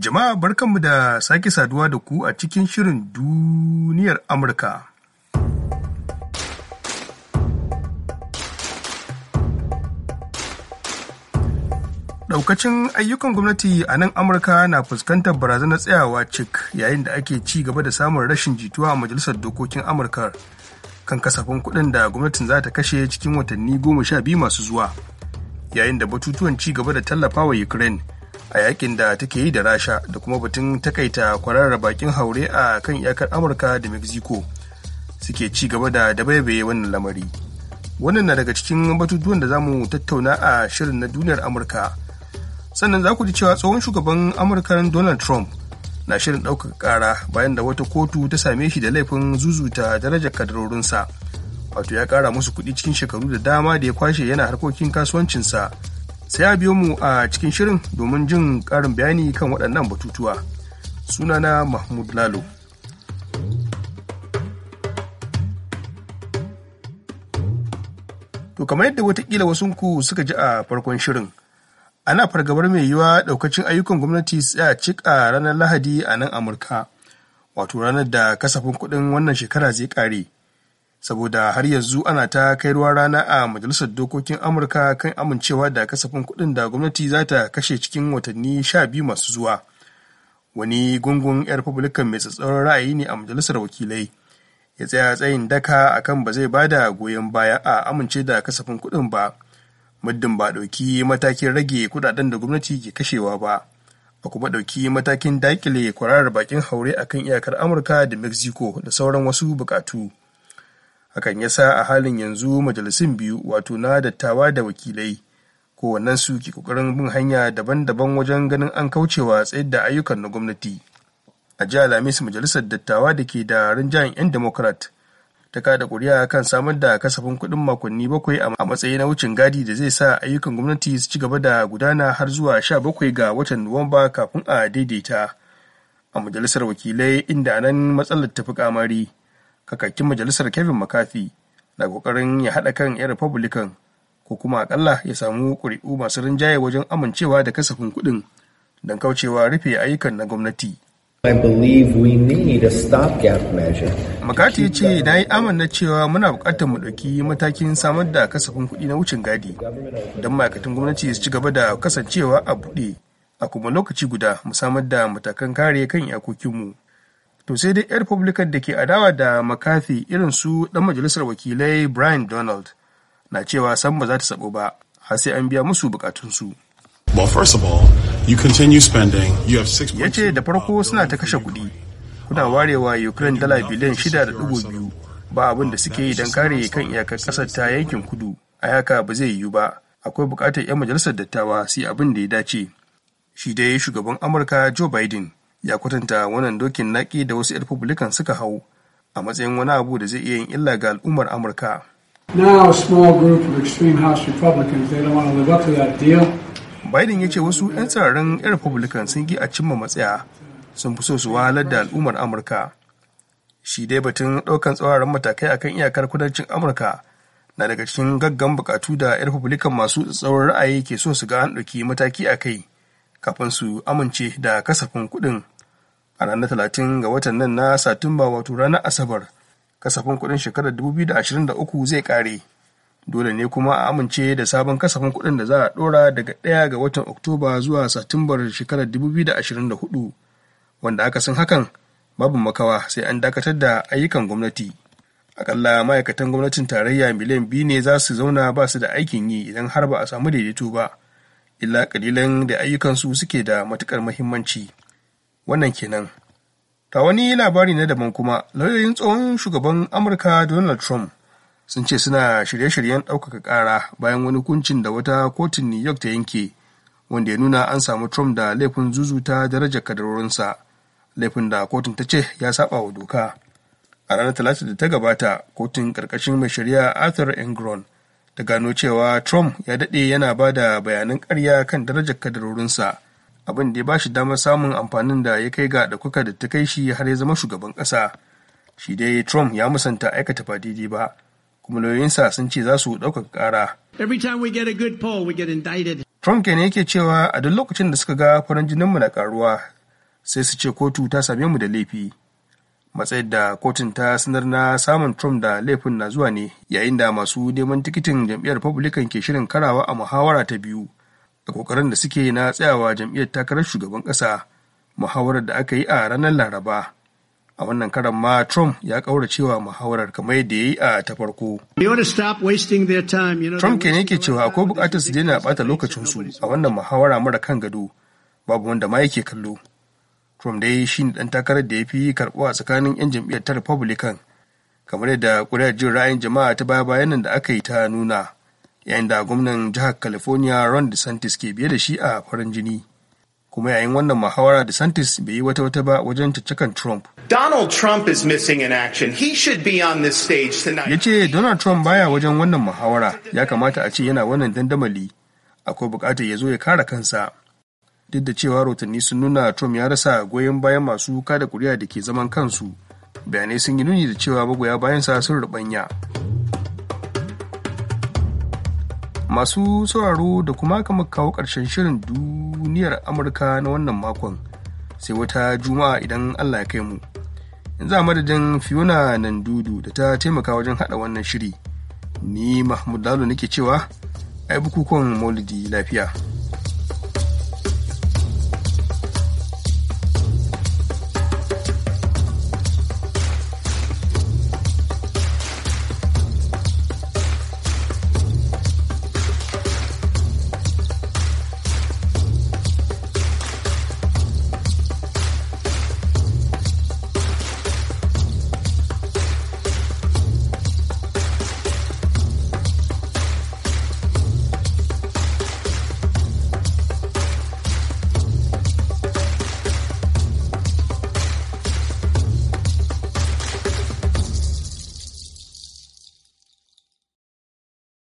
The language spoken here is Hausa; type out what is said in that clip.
Jama'a barkanmu da sake saduwa da ku a cikin shirin duniyar Amurka. Daukacin ayyukan gwamnati a nan Amurka na fuskantar barazanar tsayawa cik yayin da ake ci gaba da samun rashin jituwa a Majalisar Dokokin Amurka kan kasafin kuɗin da gwamnatin za ta kashe cikin watanni goma sha biyu masu zuwa, yayin da batutuwan ci gaba da tallafawa Ukraine a yakin da take yi da rasha da kuma batun takaita kwararra bakin haure a kan iyakar amurka da mexico suke ci gaba da dabaibaye wannan lamari wannan na daga cikin batutuwan da zamu tattauna a shirin na duniyar amurka sannan za ku ji cewa tsohon shugaban amurka donald trump na shirin ɗaukar ƙara bayan da wata kotu ta same shi da laifin zuzuta darajar kadarorinsa wato ya ƙara musu kuɗi cikin shekaru da dama da ya kwashe yana harkokin kasuwancinsa sai a biyo mu a cikin shirin domin jin ƙarin bayani kan waɗannan batutuwa sunana mahmud lalo to kamar yadda watakila wasunku suka ji a farkon shirin ana fargabar mai yiwa ɗaukacin ayyukan gwamnati a cika ranar lahadi a nan amurka wato ranar da kasafin kuɗin wannan shekara zai ƙare saboda har yanzu ana ta kai ruwa rana a majalisar dokokin amurka kan amincewa da kasafin kuɗin da gwamnati za ta kashe cikin watanni sha biyu masu zuwa wani gungun 'yar republican mai tsatsauran ra'ayi ne a majalisar wakilai ya tsaya tsayin daka akan ba zai bada goyon baya a amince da kasafin kuɗin ba muddin ba ɗauki matakin rage kuɗaɗen da gwamnati ke kashewa ba a kuma ɗauki matakin daƙile kwararar bakin haure akan iyakar amurka da mexico da sauran wasu buƙatu. hakan ya sa a halin yanzu majalisun biyu wato na dattawa da wakilai su ke kokarin bin hanya daban-daban wajen ganin an kaucewa tsayar da ayyukan na gwamnati a jiya lamis majalisar dattawa da ke da rinjayen 'yan democrat ta kada kuri'a kan samar da kasafin kuɗin makonni bakwai a matsayi na wucin gadi da zai sa ayyukan gwamnati su ci gaba da gudana har zuwa sha bakwai ga watan nuwamba kafin a daidaita a majalisar wakilai inda nan matsalar tafi kamari kakakin majalisar Kevin McCarthy na kokarin ya haɗa kan 'yan Republican ko kuma akalla ya samu ƙuri'u masu rinjaye wajen amincewa da kasafin kuɗin don kaucewa rufe ayyukan na gwamnati. Makati ya ce na yi amanna cewa muna buƙatar mu ɗauki matakin samar da kasafin kuɗi na wucin gadi don ma'aikatan gwamnati su ci gaba da kasancewa a buɗe a kuma lokaci guda mu samar da matakan kare kan iyakokinmu. to sai dai 'yan republican da ke adawa da makafi irin su dan majalisar wakilai brian donald na cewa san ba za ta sabo ba har sai an biya musu bukatunsu ya ce da farko suna ta kashe kuɗi kuna warewa ukraine dala biliyan shida da dubu biyu ba abin da suke yi don kare kan iyakar kasar ta yankin kudu a yaka ba zai yiwu ba akwai bukatar 'yan majalisar dattawa su yi abin da ya dace shi dai shugaban amurka joe biden ya kwatanta wannan dokin naƙi da wasu 'yan republican suka hau a matsayin wani abu da zai iya yin illa ga al'ummar amurka biden ya ce wasu 'yan tsararren 'yan republican sun ki a cimma matsaya sun fi so su wahalar da al'ummar amurka shi dai batun ɗaukan tsawaran matakai akan iyakar kudancin amurka na daga cikin gaggan bukatu da 'yan republican masu tsawon ra'ayi ke so su ga an ɗauki mataki a kai kafin su amince da kasafin kuɗin a ranar talatin ga watan nan na satumba wato ranar asabar kasafin kuɗin shekarar 2023 zai ƙare dole ne kuma a amince da sabon kasafin kuɗin da za a ɗora daga ɗaya ga watan oktoba zuwa satumbar shekarar 2024 wanda aka san hakan babu makawa sai an dakatar da ayyukan gwamnati akalla ma'aikatan gwamnatin tarayya miliyan biyu ne za su zauna ba su da aikin yi idan har ba a samu daidaito ba illa kalilan da ayyukansu suke da matukar muhimmanci wannan kenan ta wani labari na daban kuma lauyoyin tsohon shugaban amurka donald trump sun ce suna shirye-shiryen ɗaukaka ƙara bayan wani hukuncin da wata kotun new york ta yanke wanda ya nuna an samu trump da laifin zuzuta darajar kadarorinsa laifin da kotun ta ce ya saba wa doka a ranar talata da ta gabata kotun ƙarƙashin mai shari'a arthur engron ta gano cewa trump ya daɗe yana ba da bayanan ƙarya kan darajar kadarorinsa abin da ya ba shi damar samun amfanin da ya kai ga ɗaukaka da ta kai shi har ya zama shugaban ƙasa shi dai trump ya musanta aikata ba daidai ba kuma lauyoyinsa sun ce za su ɗaukaka ƙara trump kenan yake cewa a duk lokacin da suka ga farin jininmu na karuwa sai su ce kotu ta same mu da laifi matsayin da kotun ta sanar na samun trump da laifin na zuwa ne yayin da masu neman tikitin jam'iyyar republican ke shirin karawa a muhawara ta biyu da kokarin da suke na tsayawa jam'iyyar takarar shugaban ƙasa muhawarar da aka yi a ranar laraba a wannan karan ma trump ya cewa muhawarar kamar yadda ya yi a ta farko trump ke yake cewa akwai bukatar su daina bata lokacinsu a wannan muhawara mara kan gado babu wanda ma yake kallo trump dai shi ne ɗan takarar da ya fi karɓuwa tsakanin 'yan jam'iyyar ta republican kamar yadda ƙuri'ar jin ra'ayin jama'a ta baya bayan nan da aka yi ta nuna yayin da gwamnan jihar california ron desantis ke biye da shi a farin jini kuma yayin wannan muhawara DeSantis bai yi wata wata ba wajen caccakan Trump. Donald Trump is missing in action. He should be on this stage tonight. Ya ce Donald Trump baya wajen wannan muhawara, ya kamata a ce yana wannan dandamali. Akwai bukatar ya zo ya kara kansa. Duk da cewa rotanni sun nuna Trump ya rasa goyon bayan masu kada kuri'a da ke zaman kansu. Bayanai sun yi nuni da cewa magoya bayansa sun rubanya. masu sauraro da kuma kama kawo ƙarshen shirin duniyar amurka na wannan makon sai wata juma'a idan allah ya kai mu in za madadin fiona nan dudu da ta taimaka wajen haɗa wannan shiri ni mahmud lalo nake cewa ai bukukuwan maulidi lafiya